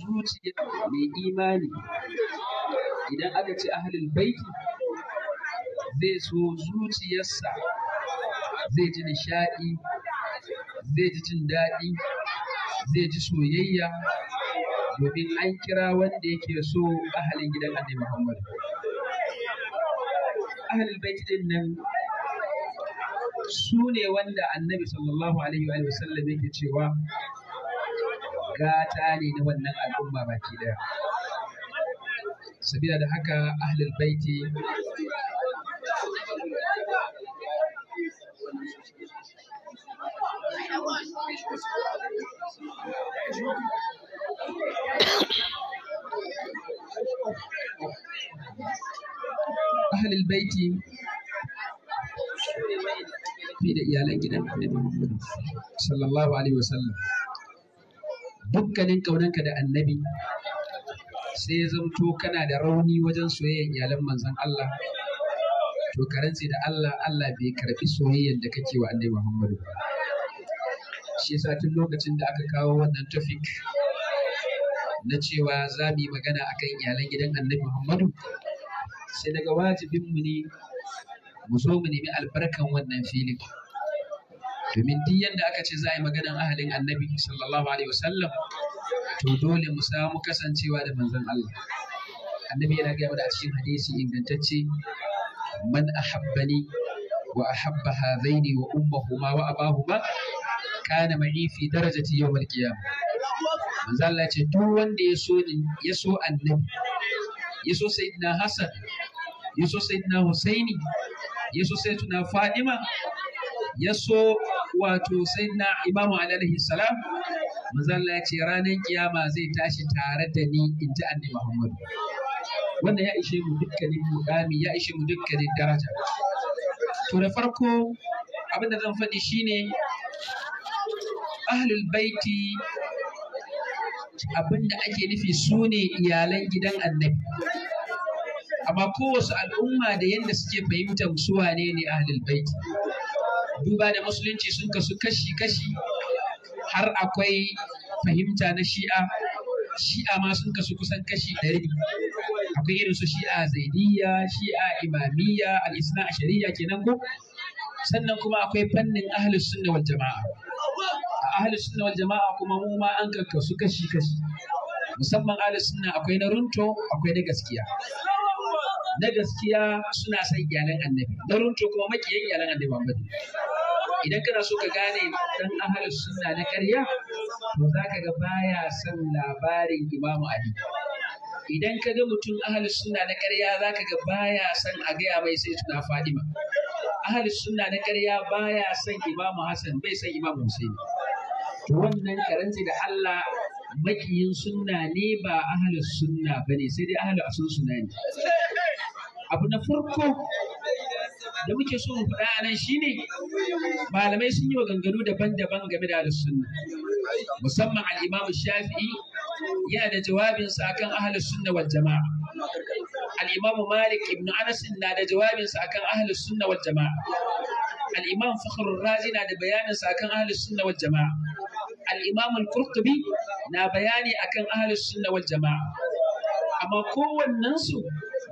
zuciya mai imani idan aka ce ahlul baiti zai so zuciyarsa zai ji nishaɗi zai ji jin daɗi zai ji soyayya domin an kira wanda yake so ahalin gidan annabi Muhammadu. ahlul baiti din nan su ne wanda annabi sallallahu alaihi wa sallam yake cewa gata ne na wannan al'umma baki daya sabila da haka ahlul baiti ahlul baiti fi da iyalan gidan sallallahu alaihi wasallam dukkanin ƙaunanka da annabi sai ya zamto kana da rauni wajen soyayyar iyalan manzon Allah to karanci da Allah Allah bai karbi soyayyar da kake wa annabi Muhammadu ba shi yasa tun lokacin da aka kawo wannan topic na cewa za mu yi magana akan iyalan gidan annabi Muhammadu sai daga wajibin mu ne mu zo mu nemi albarkan wannan filin domin duk yadda aka ce za a yi maganan ahalin annabi sallallahu alaihi wasallam to dole mu samu kasancewa da manzon Allah annabi yana gaya mana a cikin hadisi ingantacce man ahabbani wa ahabba hadaini wa ummahuma wa abahuma kana ma'i fi darajati yawmal qiyamah manzon Allah ce duk wanda ya so ni ya so annabi ya so sayyidina Hassan ya so sayyidina Husaini ya so sayyidina Fadima ya so wato sayyidina imamu Ali alaihi salam Mazalla ya ce ranar kiyama zai tashi tare da ni in ji annabi Muhammad wannan ya ishe mu dukkanin mukami ya ishe mu dukkanin daraja to da farko abin da zan faɗi shine ahlul baiti abin da ake nufi su ne iyalan gidan annabi amma kowace al'umma da yadda suke fahimtar su wane ne ahlul baiti duba da musulunci sun kasu kashi-kashi har akwai fahimta na shi'a shi'a ma sun kasu kusan kashi ɗari akwai irin su shi'a zaidiyya shi'a imamiyya al-isna ashariya kenan ko sannan kuma akwai fannin ahlus sunna wal jama'a a ahlus sunna wal jama'a kuma mu ma an kakkasu kashi kashi musamman ahlus sunna akwai na runto akwai na gaskiya na gaskiya suna son iyalan annabi na runto kuma makiyan iyalan annabi Muhammad idan kana so ka gane dan ahalus sunna na ƙarya to zaka ga baya son labarin imamu ali idan ka ga mutum ahalus sunna na ƙarya zaka ga baya son a gaya mai sai tuna fadima ahalus sunna na ƙarya baya son imamu Hassan, bai son imamu husaini to wannan karanci da Allah makiyin sunna ne ba ahalus sunna bane sai dai ahalus sunna ne abu na farko da muke so mu faɗa a nan shine malamai sun yi maganganu daban-daban game da ahlus sunna musamman al-imam shafi'i yana da jawabinsa akan ahlus sunna wal jama'a al-imam malik ibn anas na da jawabinsa akan ahlus sunna wal jama'a al-imam fakhrur razi na da bayaninsa akan ahlus sunna wal jama'a al-imam al-qurtubi na bayani akan ahlus sunna wal jama'a amma kowannensu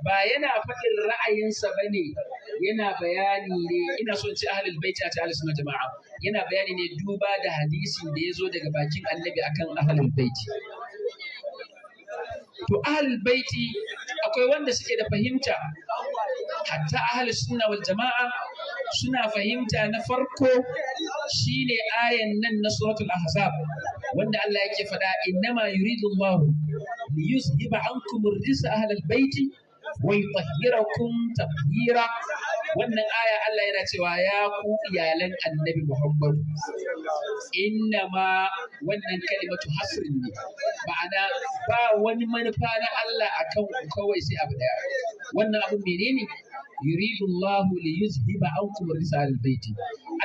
ba yana faɗin ra'ayinsa bane yana bayani ne ina son ci ahlul baiti a ahlus sunna jama'a yana bayani ne duba da hadisin da ya zo daga bakin annabi akan ahlul baiti to ahlul baiti akwai wanda suke da fahimta hatta ahlus sunna wal jama'a suna fahimta na farko shine ayan nan na suratul ahzab wanda Allah yake faɗa innama yuridu Allah li yuzhiba ankum rijsa ahlal baiti wa yutahhirakum tatheera wannan aya Allah yana cewa ya ku iyalan annabi muhammadu. inna ma wannan kalimatu hasrin ne ma'ana ba wani manufa na Allah akan kawai sai abu ɗaya. wannan abu menene yuridu Allahu li yuzhiba ankum risal baiti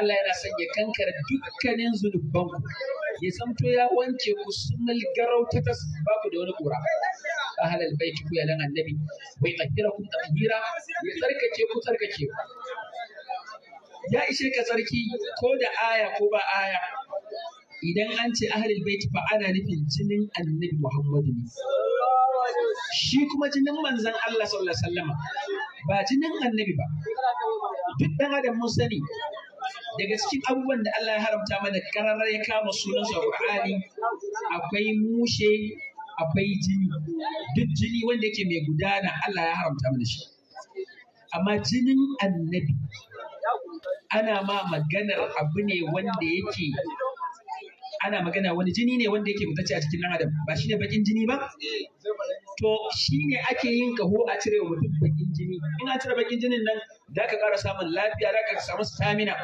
Allah yana son ya kankara dukkanin zunubanku ya zamto ya wanke ku sunal garau ta babu da wani kura ahlal baiti ku yalan annabi wa yutahhirakum tahira ya tsarkake ku tsarkake ya ishe ka tsarki ko da aya ko ba aya idan an ce ahlul baiti fa ana nufin jinin annabi Muhammadu ne shi kuma jinin manzon Allah sallallahu alaihi ba jinin annabi ba duk ɗan adam sani daga cikin abubuwan da Allah ya haramta mana kararar ya kama sunansa sa akwai mushe akwai jini duk jini wanda yake mai gudana Allah ya haramta mana shi amma jinin annabi ana ma maganar abu ne wanda yake ana magana wani jini ne wanda yake mutacce a cikin nan adam ba shi ne bakin jini ba to shine ake yin kaho a cire wa mutum bakin jini in an cire bakin jinin nan za ka ƙara samun lafiya za ka samu stamina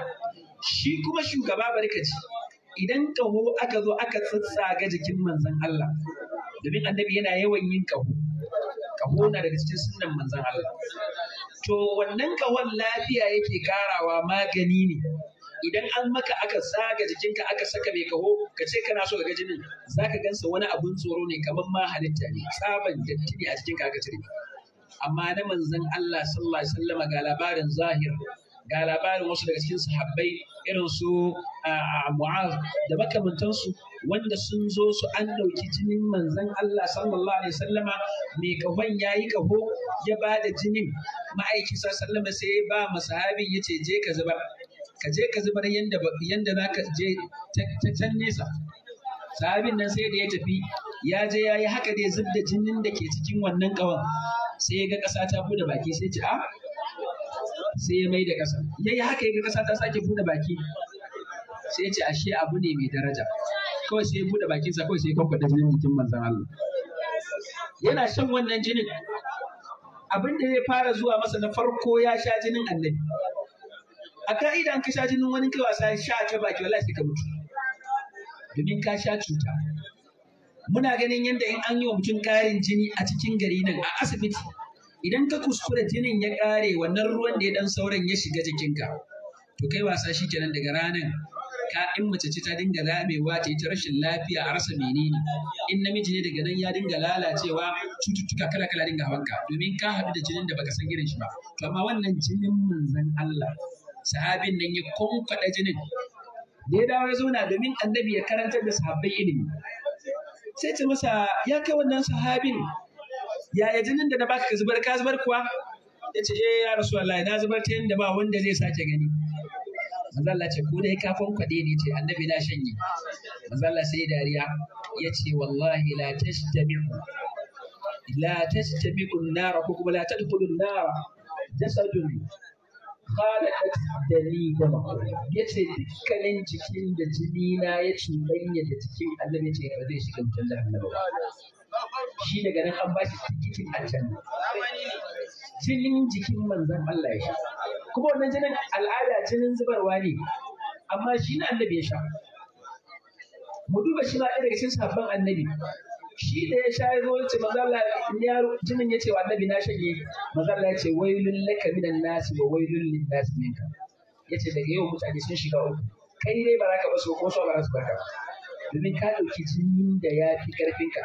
shi kuma shugaba barkaci idan kaho aka zo aka tsatsaga jikin manzon Allah domin annabi yana yawan yin kaho kaho na daga cikin sunan manzon Allah to wannan kahon lafiya yake karawa magani ne idan an maka aka saga jikinka aka saka mai kaho ka ce kana so ga jinin zaka gansa wani abun tsoro ne kamar ma halitta ne tsaban datti ne a jikinka aka cire amma na manzon Allah sallallahu alaihi wasallam ga labarin zahir ga labarin wasu daga cikin sahabbai irin su mu'az da makamantansu wanda sun zo su an ɗauki jinin manzon Allah sallallahu alaihi sallama mai kahon ya yi kaho ya ba da jinin ma'aiki sallama sai ya ba masahabin ya ce je ka zubar ka je ka zubar yanda yanda za ka je ta can nesa sahabin nan sai da ya tafi ya je ya yi haka dai zub da jinin da ke cikin wannan kawan sai ya ga ƙasa ta bude baki sai ce a ah, sai ya mai da ƙasa ya yi haka yaga ƙasa ta sake buɗe baki sai ya ce ashe abu ne mai daraja kawai sai ya buɗe bakinsa kawai sai ya kwakwada jinin jikin manzon Allah yana shan wannan jinin abin da ya fara zuwa masa na farko ya sha jinin annabi a ka'ida an ka sha jinin wani kai wasa sha ta baki wallahi sai ka mutu domin ka sha cuta muna ganin yadda in an yi wa mutum ƙarin jini a cikin gari nan a asibiti idan ka kuskura jinin ya ƙare wannan ruwan da ya ɗan sauran ya shiga jikinka to kai wasa shi kenan daga ranar ka in mace ce ta dinga zamewa ta yi ta rashin lafiya a rasa menene in namiji ne daga nan ya dinga lalacewa cututtuka kala kala dinga hawanka domin ka haɗu da jinin da baka san irin shi ba to amma wannan jinin manzon Allah sahabin nan ya konfaɗa jinin da ya dawo ya zauna domin annabi ya karantar da sahabbai ilimi sai ce masa ya kai wannan sahabin yaya jinin da na baka ka zubar ka zubar kuwa ya ce eh ya rasu Allah na zubar ta yadda ba wanda zai sake gani manzo Allah ce ko dai ka kwankwaɗe ne ce annabi na shanye manzo Allah sai dariya ya ce wallahi la tajtami'u la tajtami'u an-nar ko kuma la tadkhulu an-nar jasadun khalatat dalilin ya ce dukkanin cikin da jini na ya cuɗanya da jikin annabi ce ba zai shiga mutum da annabi ba shi daga nan an ba shi tikitin aljanna jinin jikin manzon Allah ya sha kuma wannan jinin al'ada jinin zubarwa ne amma shi na annabi ya sha mu duba shi ma ɗaya daga cikin sabon annabi shi da ya sha ya zo ce mazalla ya jinin ya ce wa annabi na shanye mazalla ya ce wailul laka minan nasi wa wailul lin nasi minka ya ce daga yau mutane sun shiga uku kai dai ba za ka basu ko so ba za su baka domin ka ɗauki jinin da ya fi ƙarfinka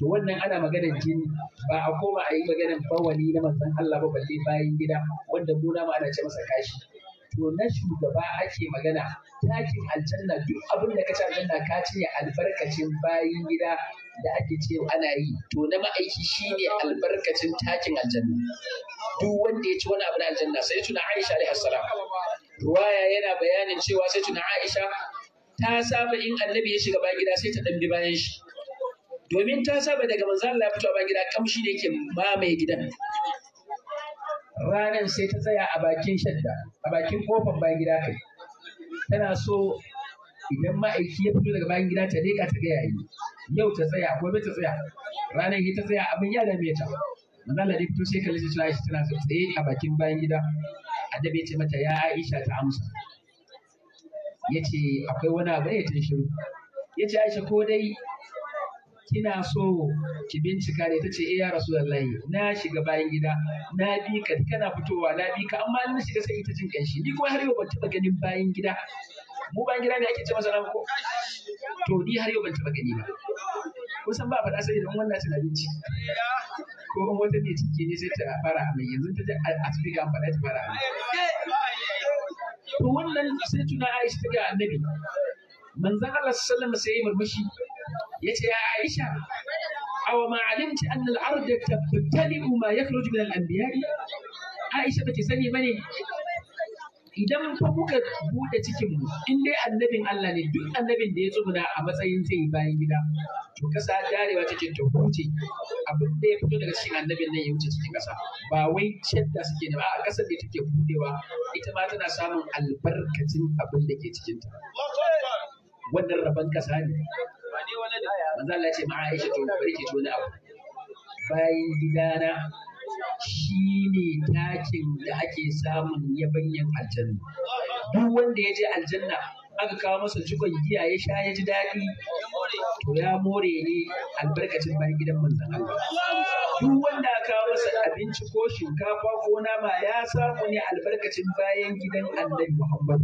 to wannan ana maganar jini ba a koma a yi maganar bawani na manzan Allah ba balle bayan gida wanda mu ma ana ce masa kashi to na shugaba ake magana takin aljanna duk abin da ka aljanna ka cinye albarkacin bayan gida da ake ce ana yi to na ma'aiki shine albarkacin takin aljanna duk wanda ya ci wani abu na aljanna sai tuna Aisha alaihi salam ruwaya yana bayanin cewa sai tuna Aisha ta saba in annabi ya shiga bayan gida sai ta dambi bayan shi domin ta saba daga manzan Allah fito a gida kamshi ne yake mamaye gidan ranar sai ta tsaya a bakin shadda a bakin kofar bayan gida kai tana so idan ma'aiki ya fito daga bayan gida ta leka ta gaya yi yau ta tsaya gobe ta tsaya ranar ta tsaya abin ya dame ta Manzan Allah ya fito sai kalle ta shi tana tsaye a bakin bayan gida adabe ce mata ya Aisha ta amsa yace akwai wani abu ne ta shiru yace Aisha ko dai kina so ki bincika ne ce, eh ya rasulullahi na shiga bayan gida na bi ka kana fitowa na bi ka amma na shiga sai ita jin kanshi ni kuma har yau ban taba ganin bayan gida mu bayan gida ne ake ce masa ko to ni har yau ban taba gani ba kusan ba faɗa sai idan wannan tana binci ko in wata ne ciki ne sai ta fara amai yanzu ta ji asibiti ga faɗa ta fara amai to wannan sai tuna Aisha ta ga annabi manzon Allah sallallahu alaihi wasallam sai ya murmushi ya ce ya aisha awa ma alimti an al'arda tabtali ma ya kiro min al'ambiya aisha ba ki sani ba ne idan fa buɗe cikin mu in dai annabin Allah ne duk annabin da ya tsuguna a matsayin zai bayan gida to kasa darewa take ta huce abin da ya fito daga cikin annabin nan ya wuce cikin kasa ba wai shadda suke ne ba a kasar da take buɗewa ita ma tana samun albarkacin abin da ke cikin ta wannan rabon kasa ne manzo Allah ce ma Aisha to bari ki ci wani abu bayan gidana shi ne takin da ake samun yabanyan aljanna duk wanda ya je aljanna aka kawo masa jikon giya ya sha ya ji daɗi to ya more ne albarkacin bayan gidan manzon Allah duk wanda aka kawo masa abinci ko shinkafa ko nama ya samu ne albarkacin bayan gidan Annabi Muhammad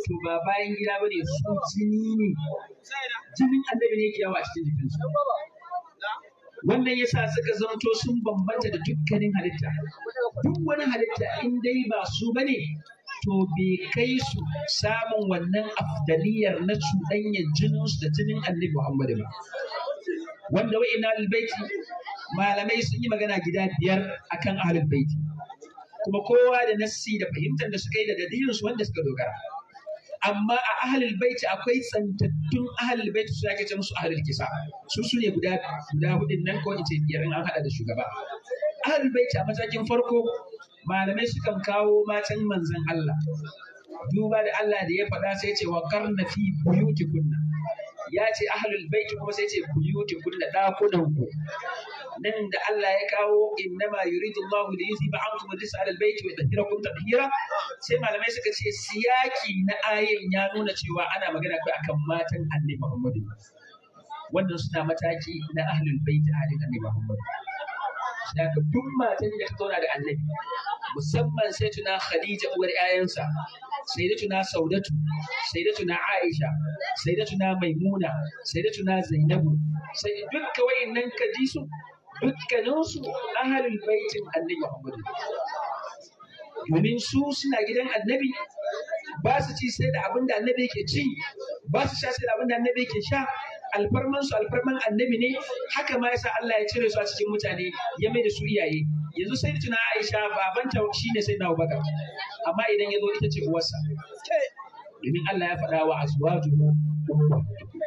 to ba bayan gida ba ne su jini ne jinin annabi ne ke yawa a cikin jikinsu wannan ya sa suka zamto sun bambanta da dukkanin halitta duk wani halitta in dai ba su ba ne, to bai kai su samun wannan afdaliyar na cuɗanyar jininsu da jinin annabi Muhammadu ba wanda ina albaiti malamai sun yi magana gida biyar akan ahlul baiti kuma kowa da nassi da fahimtar da suka yi da dalilinsu wanda suka dogara amma a ahalil baiti akwai tsantattun ahalil baiti su ake ce musu ahalil kisa su su ne guda guda hudin nan ko ita biyar an hada da shugaba ahalil baiti a matakin farko malamai sukan kawo matan manzon Allah duba da Allah da ya faɗa sai ce wa karna fi kunna, ya ce ahlul baiti kuma sai ce kunna dakunan ku nan da Allah ya kawo innama yuridu Allah li yuzhiba ankum rijsa ala albayt wa yutahhirakum tatheera sai malamai suka ce siyaki na ayin ya nuna cewa ana magana kai akan matan Annabi Muhammad wannan suna mataki na ahlul bait ahlin Annabi Muhammad daga duk matan da ta zauna da Annabi musamman sai tuna Khadija uwar 'ya'yansa sayyidatuna saudatu sayyidatuna aisha sayyidatuna maimuna sayyidatuna zainabu sai dukkan wayannan kadisu su dukkaninsu ahalin baitin annabi Muhammad domin su suna gidan annabi ba su ci sai da abin da annabi yake ci ba su sha sai da abin da annabi yake sha alfarman su alfarman annabi ne haka ma yasa Allah ya cire su a cikin mutane ya mai da su iyaye yanzu sai tuna Aisha babanta shine sai na Abubakar amma idan ya zo ita ce uwarsa domin Allah ya faɗa wa azwajuhu ummahatukum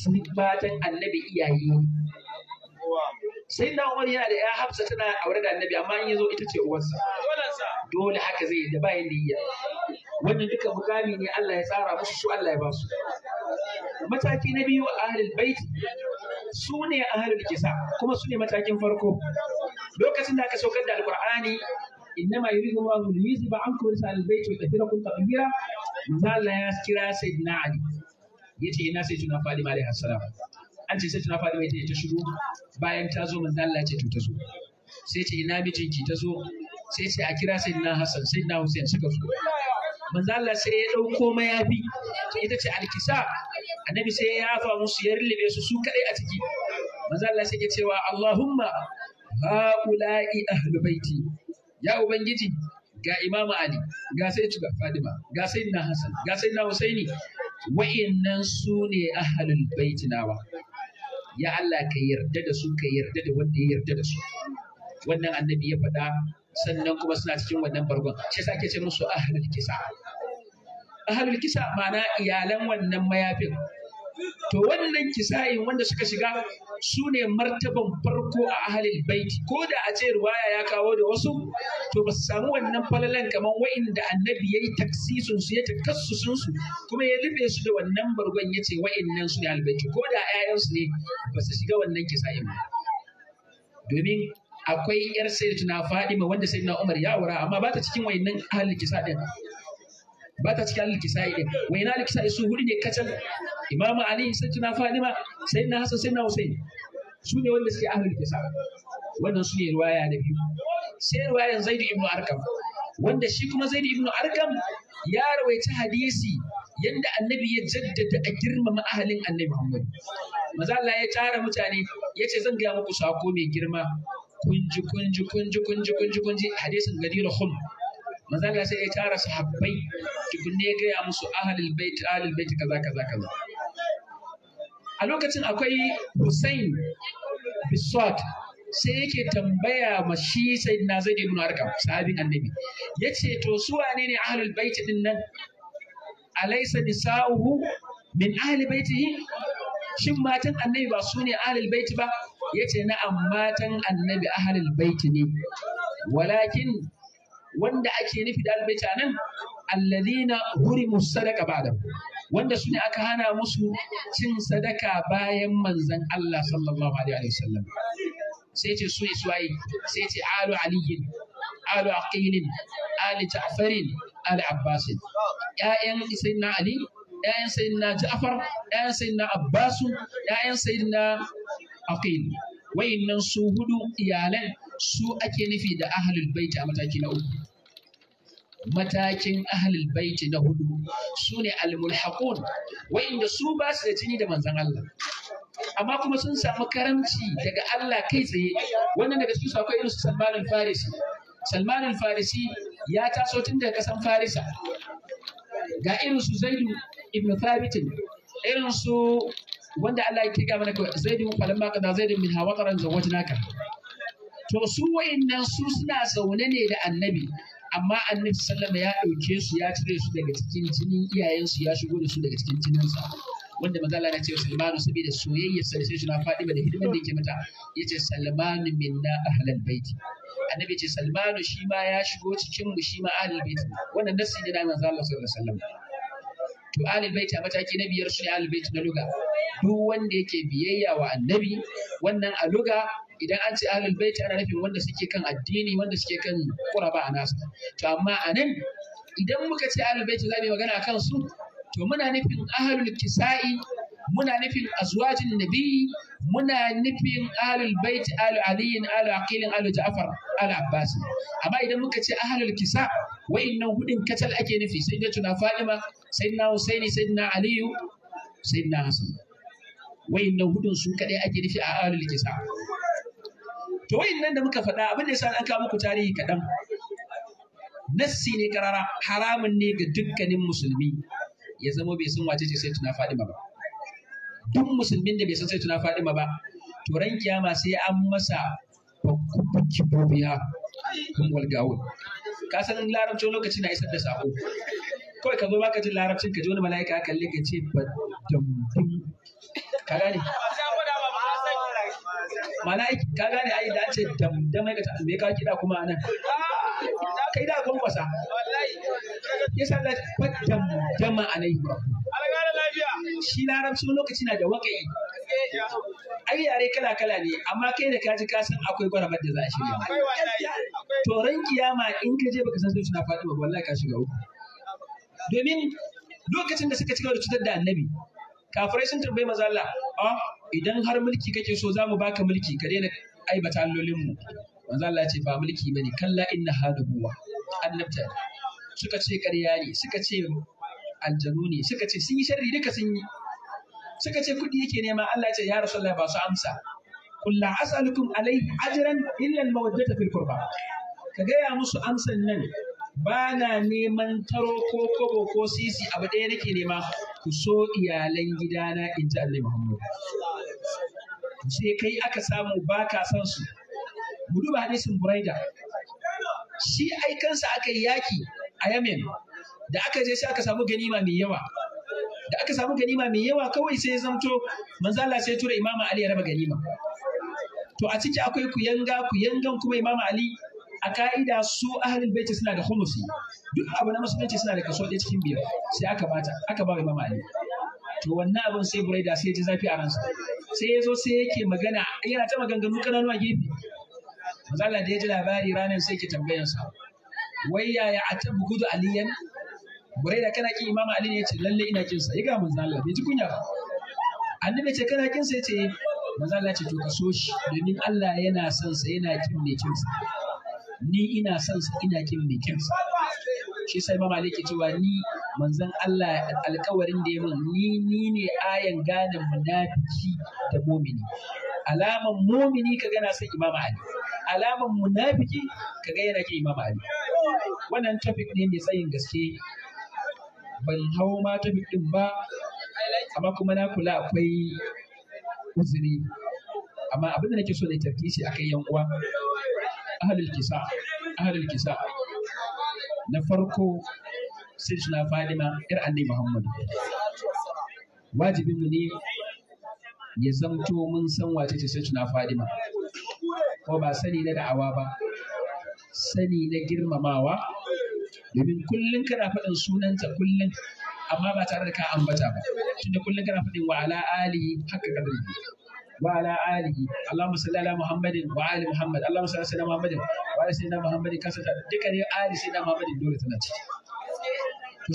sun matan annabi iyaye sai na umar yana da ya hafsa tana aure da annabi amma in zo ita ce uwarsa dole haka zai da bayan da wannan duka mukami ne Allah ya tsara musu su Allah ya ba su mataki na biyu ahlul bait su ne ahlul kisa kuma su ne matakin farko lokacin da aka saukar da alqur'ani إنما يريد الله ليذهب عنكم رجس أهل البيت ويطهركم تطهيرا مثال لا يذكر سيدنا علي يتي ناس سيدنا فاطمة عليه السلام an ce sai tana faɗi mai ta shigo bayan ta zo manzo Allah ce ta zo sai ce ina mijinki ta zo sai ce a kira sai na Hassan sai na Hussein suka zo manzo Allah sai ya dauko mayafi to ita ce alkisa annabi sai ya yafa musu ya rille su su kadai a ciki manzo Allah sai ya cewa Allahumma haula'i ahlul baiti ya ubangiji ga Imam'u Ali ga sai ga Fadima ga sai na Hassan ga sai na Husaini wa'annan su ne ahlul baiti nawa ya Allah ka yarda da su ka yarda da wanda ya yarda da su wannan annabi ya faɗa sannan kuma suna cikin wannan bargon shi yasa ake ce musu ahlul kisa ahlul kisa ma'ana iyalan wannan mayafin to wannan kisa'in wanda suka shiga su ne martaban farko a ahalil baiti ko da a ce ruwaya ya kawo da wasu to ba su samu wannan falalan kamar wa'inda annabi ya yi taksisun su ya takassusun su kuma ya rufe su da wannan bargon ya ce wa'innan su ne albaiti ko da 'ya'yansu ne ba su shiga wannan kisa'in ba domin akwai yar sayyidina Fadima wanda sayyidina Umar ya aura amma ba ta cikin wayannan ahalil kisa din ba ta cikin al-kisa'i din wa ina al-kisa'i su hudu ne kacal imamu ali sayyidina fatima sayyidina hasan na husain su ne wanda suke ahlul kisa'i wannan su ne riwaya na biyu sai riwayan zaid ibn arkam wanda shi kuma zaid ibn arkam ya rawaita hadisi yanda annabi ya jaddada a girmama ahalin annabi Muhammad. Maza Allah ya tara mutane ya ce zan gaya muku sako mai girma kunji kunji kunji kunji kunji kunji hadisin gadirul khum manzala sai ya tara sahabbai tukunne ya gaya musu ahalil bait ahalil bait kaza kaza kaza a lokacin akwai Hussein Biswat sai yake tambaya ma shi sayyidina Zaid ibn Arqam sahabin annabi yace to su wane ne ahalil bait din nan alaysa nisa'uhu min ahli baitihi shin matan annabi ba su ne ahalil bait ba yace na'am matan annabi ahalil bait ne walakin wanda ake nufi da albaita nan alladhina hurimu sadaka ba'da wanda su ne aka hana musu cin sadaka bayan manzan Allah sallallahu alaihi wasallam sai ce su iswayi sai ce alu aliyin alu aqilin ali ja'farin ali abbasin ƴaƴan sayyidina ali ƴaƴan sayyidina ja'far ƴaƴan sayyidina abbasu ƴaƴan sayyidina aqil wayannan su hudu iyalan su ake nufi da ahlul bait a mataki na uku matakin ahlul baiti na hudu su ne almulhaqun wa'inda su ba su da jini da manzon Allah amma kuma sun samu karamci daga Allah kai tsaye wannan daga cikin su akwai irin su Salman al-Farisi Salman al-Farisi ya taso tun daga kasan Farisa ga irin su Zaidu ibn Thabit irin su wanda Allah ya kiga mana Zaidu falamma kada Zaidu min hawataran zawajnaka to su wayannan su suna zaune ne da annabi amma annabi sallama ya ɗauke su ya cire su daga cikin jinin iyayensu ya shigo da su daga cikin jininsa wanda magana na ce salmanu saboda soyayyar sa da sai suna faɗi da hidimar da yake mata yace salmanu minna ahlal baiti annabi ce salmanu shi ma ya shigo cikin mu shi ma ahlal baiti wannan nasi ne da manzo Allah sallallahu alaihi to ahlal baiti a mataki na biyar su ne ahlul baiti na luga duk wanda yake biyayya wa annabi wannan a luga idan an ce ahlul baiti ana nufin wanda suke kan addini wanda suke kan quraba a nasu to amma anan idan muka ce ahlul baiti za mu magana akan su to muna nufin ahlul kisa'i muna nufin azwajin nabi muna nufin ahlul baiti ahlu aliyin ahlu aqilin ahlu ja'far ahlu abbas amma idan muka ce ahlul kisa wa'innan hudin kacal ake nufi sai da tuna sai na husaini sai na aliyu sai sayyidina hasan wa'innan hudun su kadai ake nufi a ahlul kisa to nan da muka faɗa abin da yasa an kawo muku tarihi kaɗan nassi ne karara haramun ne ga dukkanin musulmi ya zama bai san wace ce sai tuna Fadima ba duk musulmin da bai san sai tuna Fadima ba to ran kiyama sai an masa bakkubuki bobiya kun walgawun ka san larabcin lokaci na isar da sako kawai ka zo baka jin larabcin ka ji wani mala'ika kalle ka ce ba dambun ka gane mana ka gane ai da ce da mai kata me ka kida kuma nan ah! kai da kun kwasa wallahi yasa la fatan jama alai algara lafiya shi larabci lokaci na da wakai ai yare kala kala ne amma kai da kaji ka san akwai gwaramar da za a shirya ah, to ran kiyama in ka je baka san sai suna faɗi ba wallahi ka shiga uku domin lokacin da suka cika da cutar da annabi kafirai sun tambayi maza Allah ah, idan har mulki kake so za mu baka mulki ka daina aibata allolinmu manzo Allah ya ce ba mulki bane kalla inna hada buwa annabta suka ce ƙarya ne suka ce aljanu ne suka ce sun yi sharri duka sun yi suka ce kuɗi yake nema Allah ya ce ya rasulullahi ba su amsa qul la as'alukum alayhi ajran illa al-mawaddata fil qurba ka gaya musu amsan nan ba na neman taro ko kobo ko sisi abu ɗaya nake nema ku so iyalan gidana in ji Allah Muhammad sai kai aka samu ba ka san su hadisin buraida shi aikansa aka yi yaki a yamen da aka je sai aka samu ganima mai yawa da aka samu ganima mai yawa kawai sai ya zamto manzo Allah sai tura imama Ali ya raba ganima to a ciki akwai kuyanga kuyangan kuma imama Ali a ka'ida su ahalin baiti suna da khumusi duk abu na musulunci suna da kaso ɗaya cikin biyar sai aka bata aka ba imama Ali to wannan abin sai buraida sai ji zafi a ransa sai ya zo sai yake magana yana ta maganganu kananu a gefe mazala da ya ji labari ranar sai ke tambayansa wai yaya a ta gudu aliyan buraida kana ki imama ali ne ya ce lalle ina kin sa yaga manzo Allah bai ji kunya ba annabi ce kana kin sa ya ce eh. manzo Allah ce to ka so shi domin Allah yana son sa yana kin mai kin sa ni ina son sa ina kin mai kin sa shi sai imam ali ke cewa ni manzon Allah alkawarin da ya min ni ni ne ayan ganin munafiki da mumini alaman mumini ka gana son Imam Ali alaman munafiki ka ga yana ke Imam Ali wannan topic ne mai tsayin gaske ban hau ma topic din ba amma kuma na kula akwai uzuri amma abinda nake so na tarkici akai yan uwa ahlul kisa ahlul kisa na farko sirjina Fadima ‘yar Annabi Muhammadu. Wajibinmu ne ya zamto mun san wace ce sirjina Fadima, ko ba sani na da'awa ba, sani na girmamawa, domin kullum kana faɗin sunanta kullum amma ba tare da ka ambata ba, tunda kullum kana faɗin wa ala alihi haka kadari. وعلى آله اللهم صل على محمد وعلى محمد اللهم صل على سيدنا محمد وعلى سيدنا محمد كسرت ذكر آل سيدنا dole tana نتيجة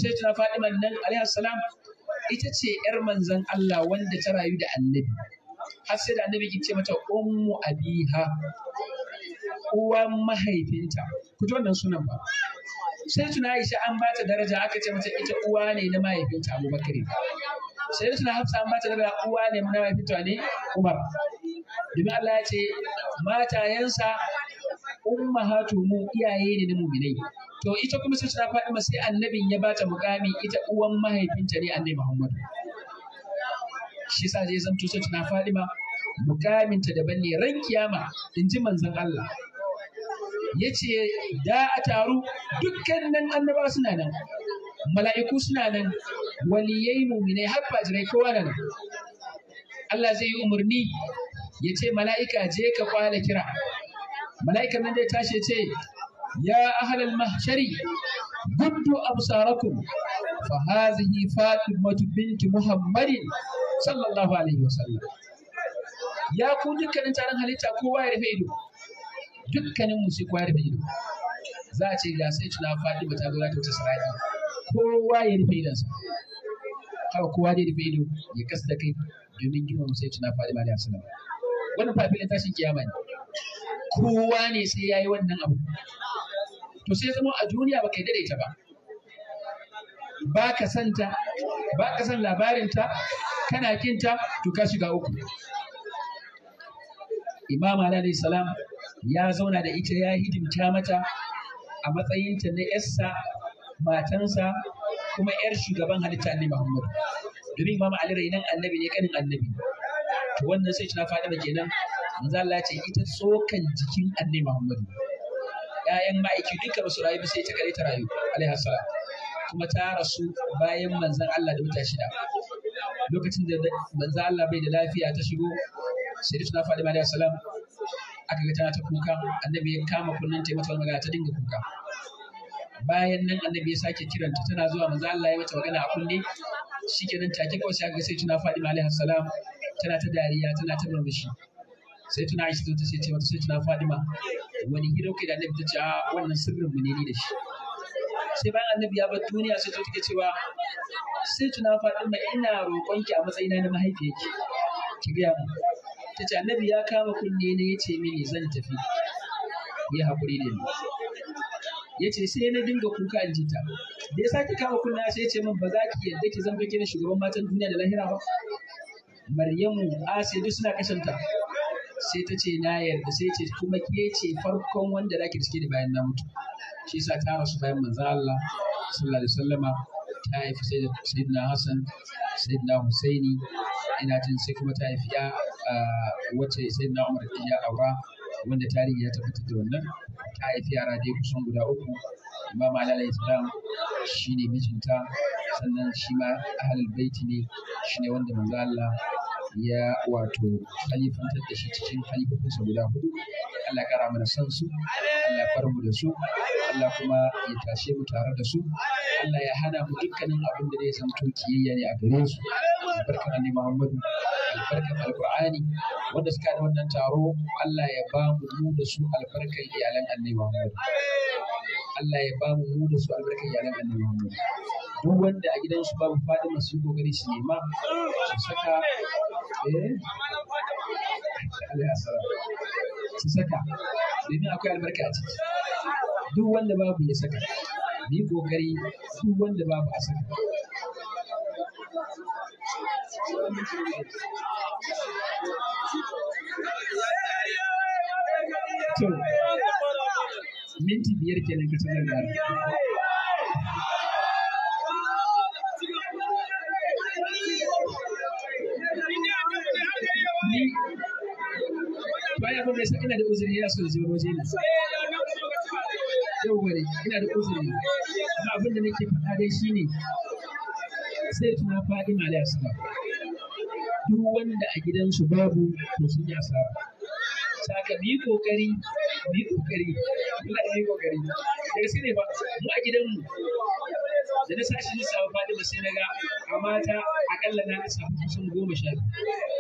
sai ta Fatima nan alaihi salam ita ce yar manzon Allah wanda ta rayu da annabi har sai da annabi ce mata ummu abiha uwan mahaifinta ku ji wannan sunan ba sai tuna Aisha an ba ta daraja aka ce mata ita uwa ne na mahaifinta Abu Bakari sai tuna Hafsa an ba ta daraja uwa ne na mahaifinta ne Umar domin Allah ya ce matayensa mu iyaye ne na mu'minai to ita kuma sai ta faɗi sai annabin ya bata mukami ita uwan mahaifinta ne annabi Muhammad shi sa zai zanto sai ta mukamin mukaminta daban ne ran kiyama in ji manzon Allah ya ce da a taru dukkanin annabawa suna nan mala'iku suna nan waliyai muminai har fajirai kowa nan Allah zai yi umarni ya ce mala'ika je ka kwana kira mala'ikan nan dai tashi ce ya ahlal mahshari guddu absarakum fa hazihi fatimatu binti muhammadin sallallahu alaihi wasallam ya ku dukkanin taron halitta kowa ya rufe ido dukkanin mu sai kowa ya rufe ido za a ce ga sai tuna fatima ta zo za ta wuce sarari kowa ya rufe idonsa haka kowa ya rufe ido ya kasa da kai domin mu sai tuna fatima alaihi wasallam wannan fafilin tashin kiyama ne kowa ne sai ya yi wannan abu to sai zama a duniya ba kai daidaita ba ba ka santa ba ka san labarinta kana kinta to ka shiga uku imam alaihi salam ya zauna da ita ya hidimta mata a matsayinta na yarsa matansa kuma yar shugaban halitta ne muhammad domin imam ali rainan annabi ne kanin annabi to wannan sai ta faɗi kenan manzo Allah ya ce ita tsokan jikin annabi Muhammadu ƴaƴan ma'aiki duka ba su rayu ba sai ta kare ta rayu alaihi salam kuma ta rasu bayan manzan Allah da wata shida lokacin da manzan Allah bai da lafiya ta shigo sayyidatuna Fatima alaihi salam aka ga tana ta kuka annabi ya kama kunnen ta mata magana ta dinga kuka bayan nan annabi ya sake kiranta tana zuwa manzo Allah ya mata magana a kunne shikenan take kawai sai aka ga sayyidatuna Fatima alaihi salam tana ta dariya tana ta murmushi sai tuna aisha ta sai ce wata sai tuna fadima wani hira ke da annabi ta ce a wannan sirrin mu ne ni da shi sai bayan annabi ya bar duniya sai ta take cewa sai tuna fadima ina roƙonki a matsayina na mahaifiyarki ki biya mu ta ce annabi ya kama kunne na ya ce mini zan tafi ya haƙuri da ni ya ce sai na dinga kuka in jita da ya sake kama kunna sai ya ce min ba za ki yarda ki zama na shugaban matan duniya da lahira ba Maryamu Asiya duk suna kashanta sai ta ce na yarda sai ce kuma ke ce farkon wanda da riske da bayan na mutu shi sa ta rasu bayan manzo Allah sallallahu alaihi wasallama ta haifi sayyidina Hassan sayyidina Husaini ina jin sai kuma ta haifi ya wace sayyidina Umar ya aura wanda tarihi ya tabbatar da wannan ta haifi yara dai kusan guda uku imam ali alayhi salam shine mijinta sannan shi ma ahlul baiti ne shine wanda manzo Allah ya wato halifantar da shi cikin halifofinsa guda hudu Allah kara mana san su Allah far mu da su Allah kuma ya tashe mu tare da su Allah ya hana mu dukkanin abin da zai zamto kiyayya ne a gare su albarkan annabi Muhammadu albarkan alqur'ani wanda suka da wannan taro Allah ya ba mu mu da su albarkan iyalan annabi Muhammadu Allah ya ba mu mu da su albarkan iyalan annabi Muhammadu duk wanda a gidansu babu fadima masu yi kokari su nema su saka su saka domin akwai albarka ciki duk wanda babu ya saka mu yi kokari duk wanda babu a saka to minti biyar kenan ka tabbata bi baya ba mai san ina da uzuri ya so ya waje ne yau bane ina da uzuri amma abin da nake faɗa dai shine sai tuna fa'ima alayhi salam duk wanda a gidansu babu to sun yi asara saka mu yi kokari mu yi kokari Allah ya yi kokari da gaske ne ba mu a gidanmu da na sashi lissafa Fatima sai na ga a mata akalla na lissafa kusan goma sha biyu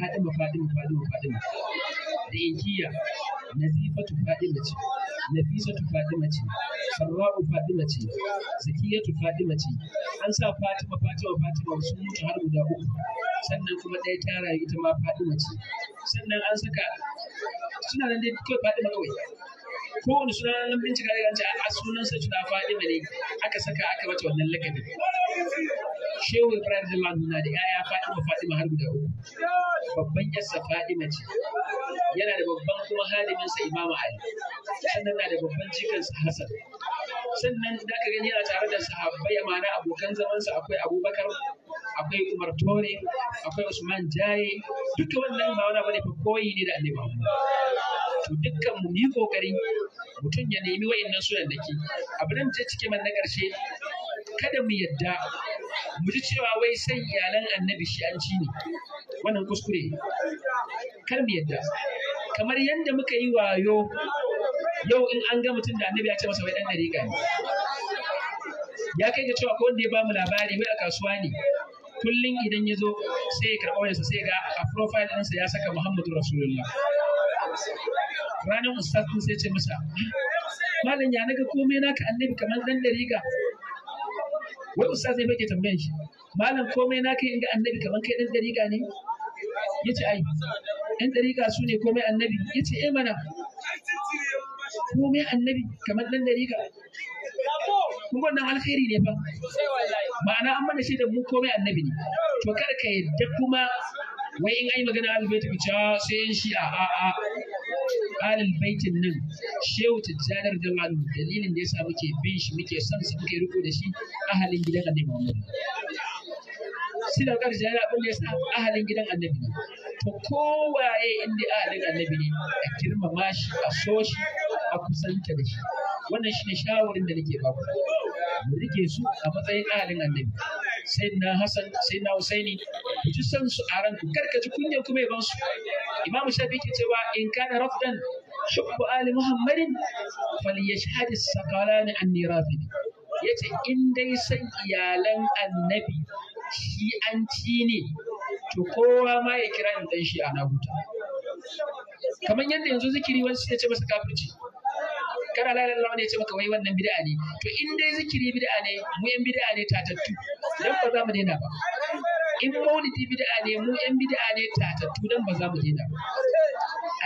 Fadima Fadima Fadima Fadima da inkiya nazifatu Fadima ce nafisatu Fadima ce sarra'u Fadima ce zakiyatu Fadima ce an sa Fatima Fatima Fatima sun mutu har guda uku sannan kuma ɗaya ta rayu ita ma Fadima ce sannan an saka suna nan dai kawai Fadima kawai kowane suna nan bincika da ce a a'a sa suna Fadima ne aka saka aka mata wannan lakabin Shehu na da 'ya'ya Fadima har guda uku babban yarsa fa'ima ce yana da babban kuma haliminsa Imama Ali sannan na da babban cikinsa Hassan sannan da ka gani yana tare da sahabbai mana abokan zamansa akwai Abubakar akwai Umar Tore akwai Usman Jaye duka wannan ba wani bane koyi ne da Annabi to dukkan mu yi kokari mutum ya nemi wayannan sunan dake abin da cike man na karshe kada mu yadda mu ji cewa wai san iyalan annabi shi an ci ne wannan kuskure kar mu yadda kamar yadda muka yi wayo yau in an ga mutum da annabi ya ce masa wai dan dariƙa ne ya kai ga cewa ko wanda ya ba mu labari wai a kasuwa ne kullum idan ya zo sai ya karɓa wayarsa sai ga a profile ɗinsa ya saka Muhammadu Rasulullah. Ranar Ustaz sai ce masa, Malam ya naga komai naka annabi kamar dan dariga wai ustaz zai bake tambayan shi malam komai na kai inda annabi kaman kai dan dariƙa ne Ya ce ai ɗan dariƙa su ne komai annabi Ya ce eh mana komai annabi kaman dan dariƙa kuma wannan alkhairi ne fa ma'ana an mana shi da mu komai annabi ne to kada ka yadda kuma wai in ai magana albaita ku ca ah, sai shi a a ah, a ah. alal baitin nan shehu tijjanar jamalu dalilin da ya yasa muke bin shi muke son su muke riko da shi ahalin gidan annabi Muhammad sila kar jana abin da ya yasa ahalin gidan annabi ne to kowaye inda ahalin annabi ne a girmama shi a so shi a kusanta da shi wannan shine shawarin da nake baku mu rike su a matsayin ahalin annabi sai na Hassan sai na Husaini ku ji san su a ranku kar ka kuma ya ban su imam shafi ke cewa in kana rafdan shubbu ali muhammadin falyashhad as-saqalan anni rafidi yace in dai san iyalan annabi shi an ci ne to kowa ma ya kira ni dan shi a nabuta kamar yadda yanzu zikiri wani ya ce masa kafirci kana la ilaha ya ce maka wai wannan bid'a ne to in dai zikiri bid'a ne mu yan bid'a ne tatattu dan ba za mu daina ba in maulidi bid'a ne mu yan bid'a ne tatattu nan ba za mu je da ba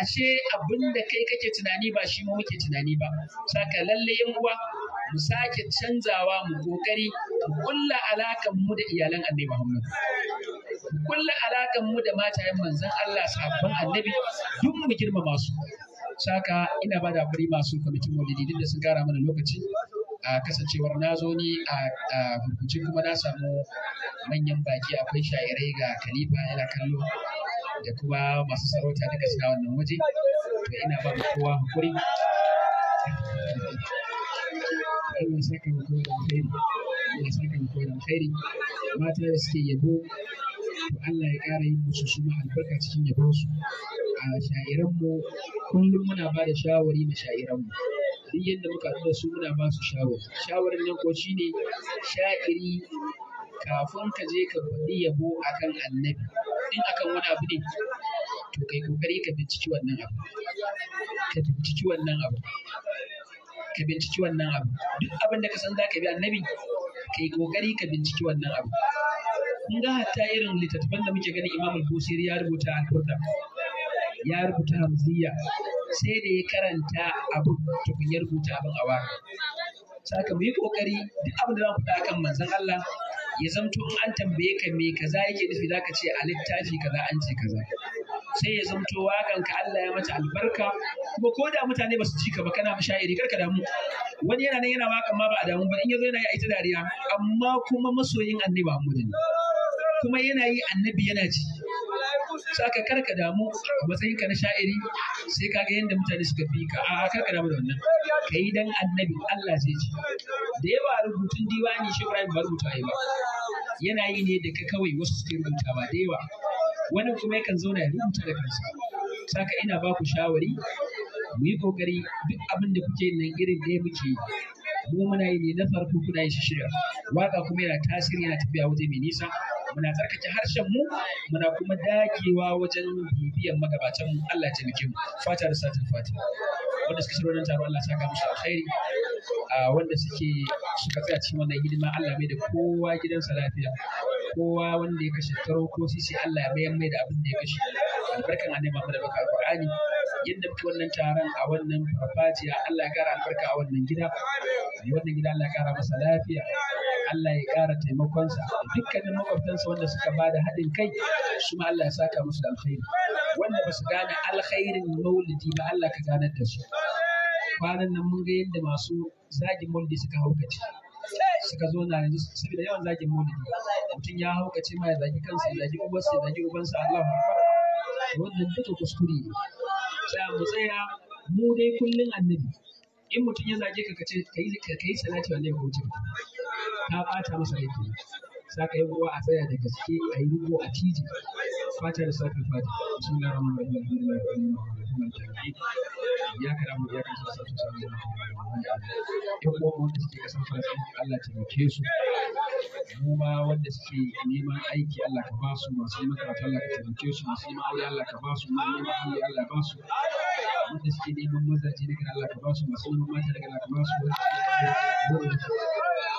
ashe abinda kai kake tunani ba shi mu muke tunani ba saka lalle yan uwa mu sake canzawa mu kokari mu kulla alakan mu da iyalan annabi Muhammad mu kulla alakan mu da matayen manzon Allah sabon annabi duk mu girmama su saka ina ba da masu kwamitin maulidi din da sun gara mana lokaci a kasancewar na zo ni a rubuce kuma na samu manyan baki akwai sha'irai ga kalifa yana kallo da kuma masu sarauta duka shiga wannan waje to ina ba kowa hakuri Allah saka mu kowa da Allah saka da mata da suke yabo to Allah ya ƙara yin musu su albarka cikin yabon su a sha'iran mu kullum muna ba da shawari ma sha'iran mu duk yadda muka da su muna ba su shawari shawarin nan ko shine sha'iri kafin ka je ka faɗi yabo akan annabi in akan wani abu ne to kai kokari ka binciki wannan abu ka binciki wannan abu ka binciki wannan abu duk abin da ka san za ka bi annabi ka yi kokari ka binciki wannan abu kun ga hatta irin littattafan da muke gani imam al ya rubuta al-kurda ya rubuta hamziya sai da ya karanta abu tukun ya rubuta abin a waka saka mu yi kokari duk abin da za mu faɗa kan manzon Allah ya zamto in an tambaye ka me kaza yake nufi ka ce a littafi kaza an ce kaza sai ya zamto wakan ka Allah ya mata albarka kuma ko da mutane ba su ji ka ba kana mashairi karka damu wani yana nan yana wakan ma ba a damu ba in yazo yana yi ita dariya amma kuma masoyin annabi Muhammad kuma yana yi annabi yana ji sai kar karka damu a matsayin ka na sha'iri sai ka ga yadda mutane suka fi ka a karka damu da wannan ka yi dan annabi Allah zai ci da yawa rubutun diwani shi Ibrahim ba rubuta ba yana yi ne da ka kawai wasu suke rubuta ba da yawa wani kuma yakan zauna ya rubuta da kansa saka ina ba ku shawari mu yi kokari duk abin da kuke nan irin da muke mu muna yi ne na farko kuna yin shi shirya waka kuma yana tasiri yana tafiya waje mai nisa muna tsarkake harshen mu muna kuma dakewa wajen bibiyan magabatan Allah ya taimake mu fata da satin wanda suka shirya wannan taro Allah ya saka musu alkhairi wanda suke suka tsaya cikin wannan hidima Allah mai da kowa gidansa lafiya kowa wanda ya kashe taro ko sisi Allah ya mai da abin da ya kashe albarkan annabi Muhammad baka alqur'ani yadda muke wannan taron a wannan farfajiya Allah ya kara albarka a wannan gida wannan gida Allah ya kara masa lafiya Allah ya ƙara taimakonsa dukkanin makwabtansa wanda suka ba da haɗin kai su ma Allah ya saka musu da alkhairi wanda ba su gane alkhairin maulidi ba Allah ka ganar da su kwanan nan mun ga yadda masu zagin maulidi suka haukace suka zo na yanzu saboda yawan zagin maulidi mutum ya haukace ma ya zagi kansa ya zagi ubansa ya zagi ubansa Allah wannan duka kuskure ne sai mu tsaya mu dai kullun annabi in mutum ya zage ka kace ka yi salati wallahi ko wuce ta ɓata masa aiki saka yi uwa a tsaya da gaske a yi rubo a titi fata da safi fata sun lara mun rabu da duniya da wani ya kada mu ya kasa sa su samu da da ya kuma wanda suke kasan fasin Allah taimake su mu ma wanda suke neman aiki Allah ka ba su masu makaranta Allah ka taimake su masu neman aure Allah ka ba su masu neman aure Allah ba su wanda suke neman mazaje daga Allah ka ba su masu neman mata daga Allah ka ba su